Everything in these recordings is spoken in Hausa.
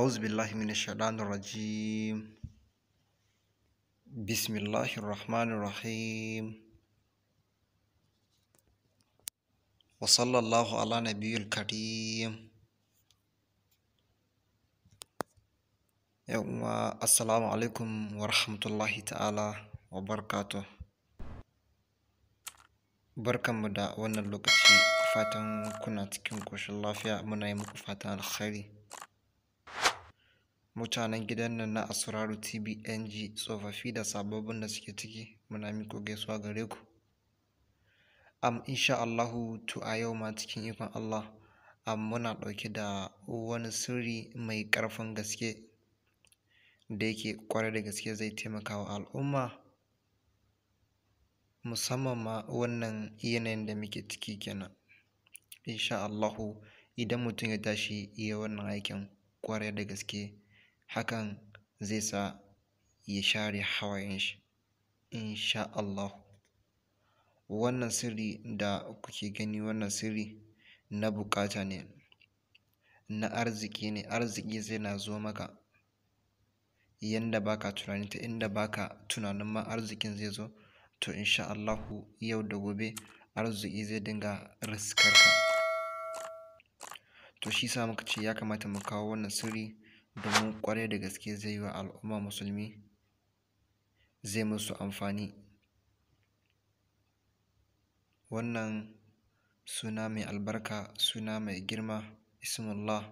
أعوذ بالله من الشيطان الرجيم بسم الله الرحمن الرحيم وصلى الله على نبي الكريم يوم السلام عليكم ورحمة الله تعالى وبركاته barkanmu da wannan lokaci fatan kuna cikin koshin lafiya muna yi muku fatan alkhairi mutanen gidan nan na Asraru TV tsofaffi da sababbin da suke ciki muna miko gaisuwa gare ku am insha Allahu to a yau ma cikin ikon Allah am muna ɗauke da wani sirri mai ƙarfin gaske da yake ƙwarai da gaske zai taimaka wa al'umma musamman ma wannan yanayin da muke ciki kenan insha Allahu idan mutum ya tashi iya wannan aikin ƙwarai da gaske hakan zai sa ya share hawayen shi insha Allah wannan sirri da kuke gani wannan sirri na bukata ne na arziki ne arziki zai na zo maka yanda baka tunani ta inda baka tunanin ma arzikin zai zo to insha Allah yau da gobe arziki zai dinga riskarka to shi sa muka ce ya kamata mu kawo wannan sirri domin kwarai da gaske zai yi wa al'umma musulmi zai musu amfani wannan suna mai albarka suna mai girma ismullah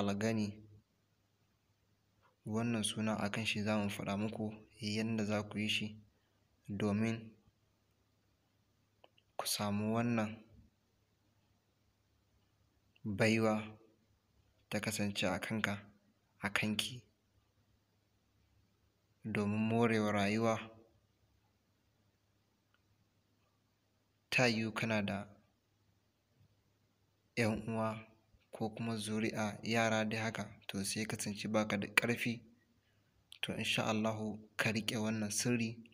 algani wannan suna a kan shi za mu faɗa muku yadda za ku yi shi domin ku samu wannan baiwa ta kasance a kanka a kanki domin morewa rayuwa ta yiwu kana da 'yan uwa ko kuma zuri'a yara dai haka to sai ka kasance baka da ƙarfi to insha Allahu ka riƙe wannan sirri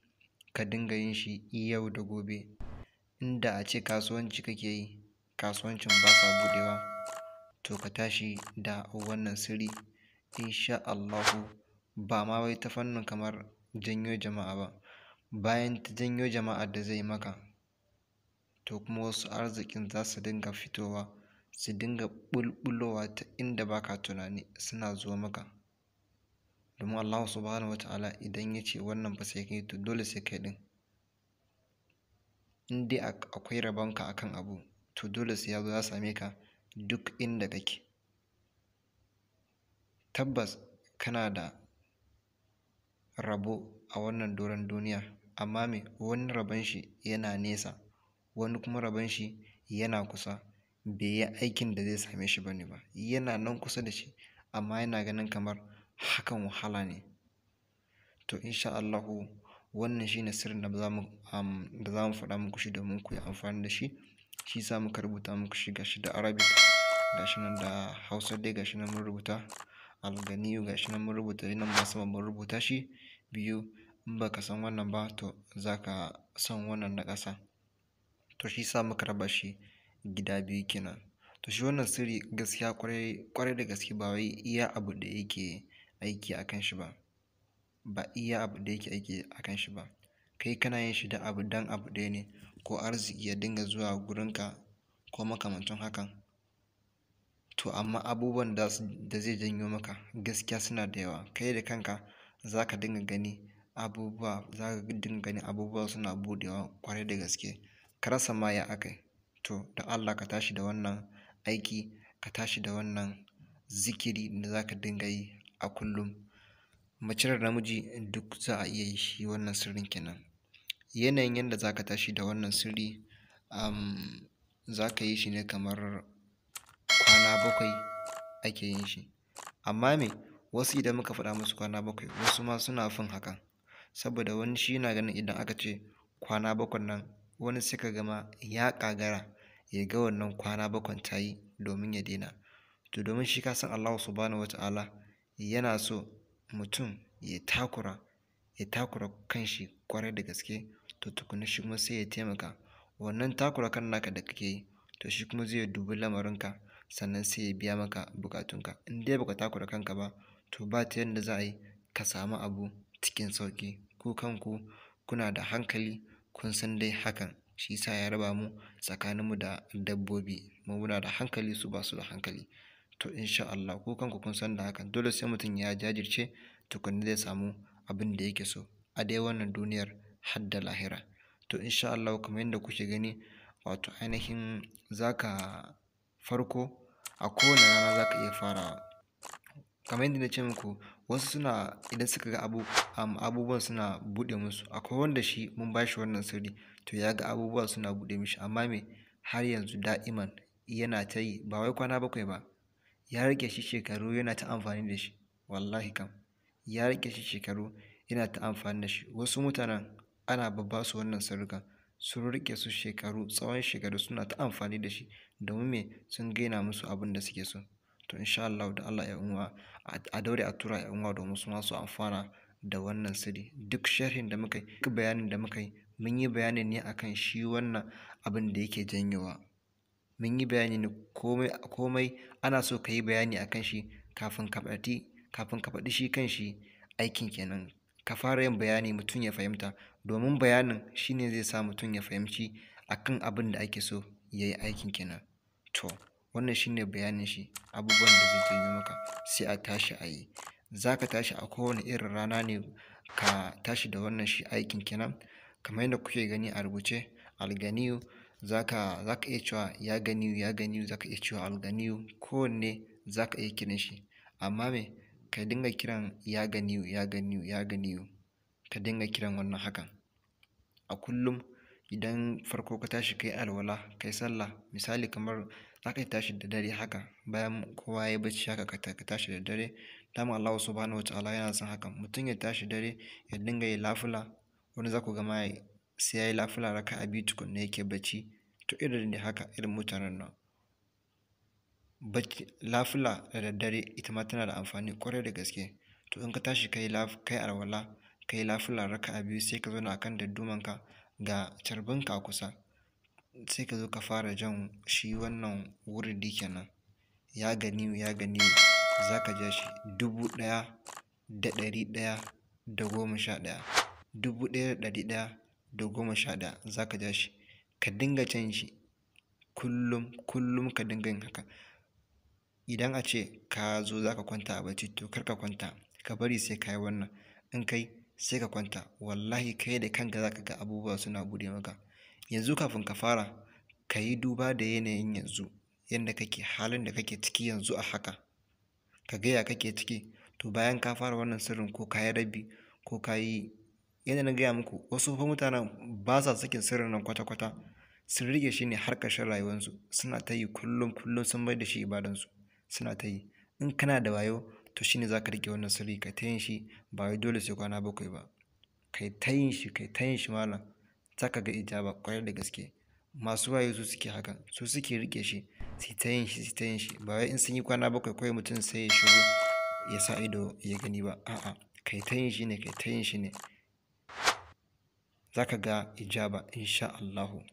ka dinga yin shi yau da gobe inda a ce kasuwanci kake yi kasuwancin ba sa buɗewa to ka tashi da wannan sirri insha Allahu ba ma wai ta fannin kamar janyo jama'a ba bayan ta janyo jama'a da zai maka to kuma wasu arzikin za su dinga fitowa su dinga bulbulowa ta inda baka tunani suna zuwa maka domin Allah subhanahu wa ta'ala idan ya ce wannan ba sai kai to dole sai kai din in dai akwai rabonka akan abu to dole sai ya zo ya same ka duk inda kake tabbas kana da rabo a wannan doron duniya amma me wani rabon shi yana nesa wani kuma rabon shi yana kusa bai yi aikin da zai same shi ba ne ba yana nan kusa da shi amma yana ganin kamar hakan wahala ne to insha Allahu wannan shi ne sirrin da za mu faɗa muku shi domin ku yi amfani da shi shi za muka rubuta muku shi gashi da Arabic gashi nan da Hausa dai gashi nan mun rubuta alganiyu gashi nan mun rubuta nan ma sama mun rubuta shi biyu in baka san wannan ba to zaka san wannan na ƙasa to shi sa muka raba shi gida biyu kenan to shi wannan sirri gaskiya kwarai da gaske ba wai iya abu da yake aiki a kan shi ba ba iya abu da yake aiki a shi ba kai kana yin shi da abu dan abu ɗaya ne ko arziki ya dinga zuwa gurinka ko makamancin hakan To amma abubuwan da zai janyo maka gaskiya suna da yawa. Kai da kanka za ka dinga gani abubuwa, za ka dinga gani abubuwa suna buɗewa kwarai da gaske. Ka rasa ma ya akai. To da Allah ka tashi da wannan aiki, ka tashi da wannan zikiri da za ka dinga yi a kullum. Mace da namiji duk za a iya yi shi wannan sirrin kenan. Yanayin yadda za ka tashi da wannan sirri, za ka yi shi ne kamar kwana bakwai ake yin shi amma me wasu idan muka faɗa musu kwana bakwai wasu ma suna fin hakan saboda wani shi yana ganin idan aka ce kwana bakwai nan wani sai gama yaƙa gara ya ƙagara ya ga wannan kwana bakwai ta yi domin ya daina to domin shi ka san Allah subhanahu ta'ala yana so mutum ya takura ya takura kanshi kwarai da gaske to tukuna shi kuma sai ya taimaka wannan takura kan naka da kake yi to shi kuma zai dubi lamarinka sannan sai ya biya maka bukatunka in dai baka takura kanka ba to ba ta yadda za a yi ka samu abu cikin sauki ku kanku kuna da hankali kun san dai hakan shi sa ya raba mu tsakaninmu da dabbobi mu muna da hankali su ba su da hankali to insha Allah ku kanku kun san da hakan dole sai mutum ya jajirce tukunna zai samu abin da yake so a dai wannan duniyar har da lahira to insha Allah kamar yadda kuke gani wato ainihin zaka farko a kowane rana za ka iya farawa. Kamar yadda na ce muku wasu suna idan suka ga abu abubuwan suna buɗe musu. Akwai wanda shi mun ba shi wannan sirri to ya ga abubuwa suna buɗe mishi amma me har yanzu da'iman yana ta yi ba wai kwana bakwai ba. Ya rike shi shekaru yana ta amfani da shi wallahi kam. Ya rike shi shekaru yana ta amfani da shi. Wasu mutanen ana babba su wannan sirrikan sun riƙe su shekaru tsawon shekaru suna ta amfani da shi domin me sun gaina musu abin da suke so to insha Allah da Allah ya uwa a daure a tura ya uwa domin su ma su amfana da wannan sirri duk sharhin da muka yi duk bayanin da muka yi mun yi bayani ne akan shi wannan abin da yake janyowa mun yi bayani ne komai komai ana so ka yi bayani akan shi kafin ka faɗi kafin ka faɗi shi kan shi aikin kenan ka fara yin bayani mutum ya fahimta domin bayanin shine zai sa mutum ya fahimci akan abin da ake so ya yi aikin kenan to wannan shi bayanin shi abubuwan da zai janyo maka sai a tashi a yi za ka tashi a kowane irin rana ne ka tashi da wannan shi aikin kenan kamar yadda kuke gani a rubuce alganiyu za ka iya cewa ya ganiyu ya ganiyu za ka iya cewa alganiyu kowanne za ka iya kiran shi amma me ka dinga kiran ya ganiyu ya ganiyu ya ganiyu ka dinga kiran wannan hakan a kullum idan farko ka tashi kai alwala kai sallah misali kamar za ka tashi da dare haka bayan kowa ya bacci haka ka tashi da dare dama allahu subhanahu wa ta'ala yana son haka mutum ya tashi dare ya dinga yi lafula wani za ku ga sai ya yi lafula raka a biyu tukunna yake bacci to irin da haka irin mutanen nan bacci lafula da daddare ita ma tana da amfani ƙwarai da gaske to in ka tashi kai laf kai alwala kai lafula raka a biyu sai ka zauna a kan daddumanka ga carbinka a kusa sai ka zo ka fara jan shi wannan wuridi kenan ya gani ya gani za ka ja shi dubu ɗaya da ɗari ɗaya da goma sha ɗaya dubu ɗaya da ɗari ɗaya da goma sha ɗaya za ka ja shi ka dinga can shi kullum kullum ka dinga yin haka idan a ce ka zo za ka kwanta a bacci to kar ka kwanta ka bari sai ka yi wannan in kai sai ka kwanta wallahi kai da kanka za ka ga abubuwa suna bude maka yanzu kafin ka fara ka yi duba da yanayin yanzu yadda kake halin da kake ciki yanzu a haka ka gaya kake ciki to bayan ka fara wannan sirrin ko ka yi rabi ko ka yi yadda na gaya muku wasu fa mutanen ba sa sakin sirrin nan kwata-kwata sun rike shi ne har ƙarshen rayuwarsu suna ta yi kullum kullum sun bai da shi ibadansu suna ta yi in kana da wayo to shine za ka riƙe wannan sirri kai ta shi ba wai dole sai kwana bakwai ba kai ta shi kai ta shi malam za ka ga ijaba ƙwarai da gaske masu wayo su suke hakan su suke riƙe shi sai ta shi sai ta shi ba wai in sun yi kwana bakwai kawai mutum sai ya shigo ya sa ido ya gani ba a'a kai ta shi ne kai ta shi ne za ka ga ijaba insha Allahu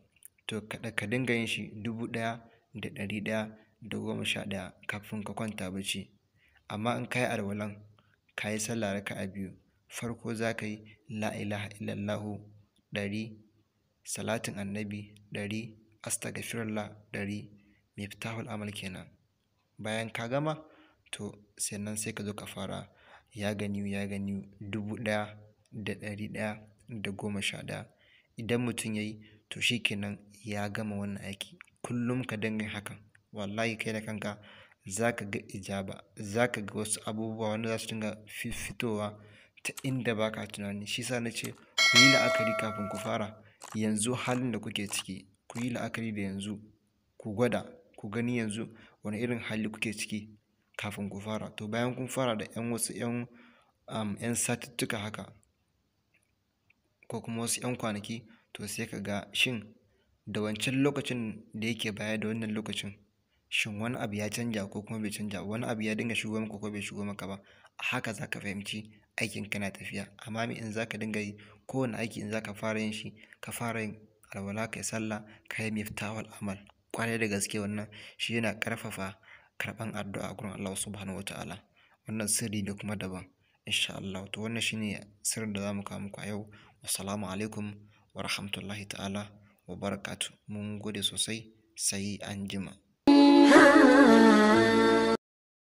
to ka dinga yin shi dubu ɗaya da ɗari ɗaya da goma sha ɗaya kafin ka kwanta bacci amma in ka yi alwalan ka yi sallah a biyu farko za ka yi la'ilahailallahu. illallahu ɗari salatin annabi ɗari astagfirullah ɗari miftahul amal kenan bayan ka gama to sannan sai ka zo ka fara ya gani ya gani dubu ɗaya da ɗari ɗaya da goma sha ɗaya idan mutum ya yi to shi kenan ya gama wannan aiki kullum ka dinga hakan wallahi kai da kanka za ka ga ijaba za ka ga wasu abubuwa wanda za su dinga fitowa ta inda ba ka tunani shi sa na ce ku yi la'akari kafin ku fara yanzu halin da kuke ciki ku yi la'akari da yanzu ku gwada ku gani yanzu wani irin hali kuke ciki kafin ku fara to bayan kun fara da 'yan wasu 'yan um, haka ko kuma wasu 'yan kwanaki to sai ka ga shin da wancan lokacin da yake baya da wannan lokacin shin wani abu ya canja ko kuma bai canja wani abu ya dinga shigo maka ko bai shigo maka ba a haka za ka fahimci aikin kana tafiya amma me in za ka dinga yi kowane aiki in za ka fara yin shi ka fara yin alwala ka kai sallah ka yi miftahul amal kwarai da gaske wannan shi yana karfafa karɓan addu'a a gurin Allah subhanahu wa ta'ala wannan sirri ne kuma daban insha Allah to wannan shine sirrin da zamu kawo muku a yau assalamu alaikum wa rahmatullahi ta'ala wa barakatu mun gode sosai sai an jima Ha.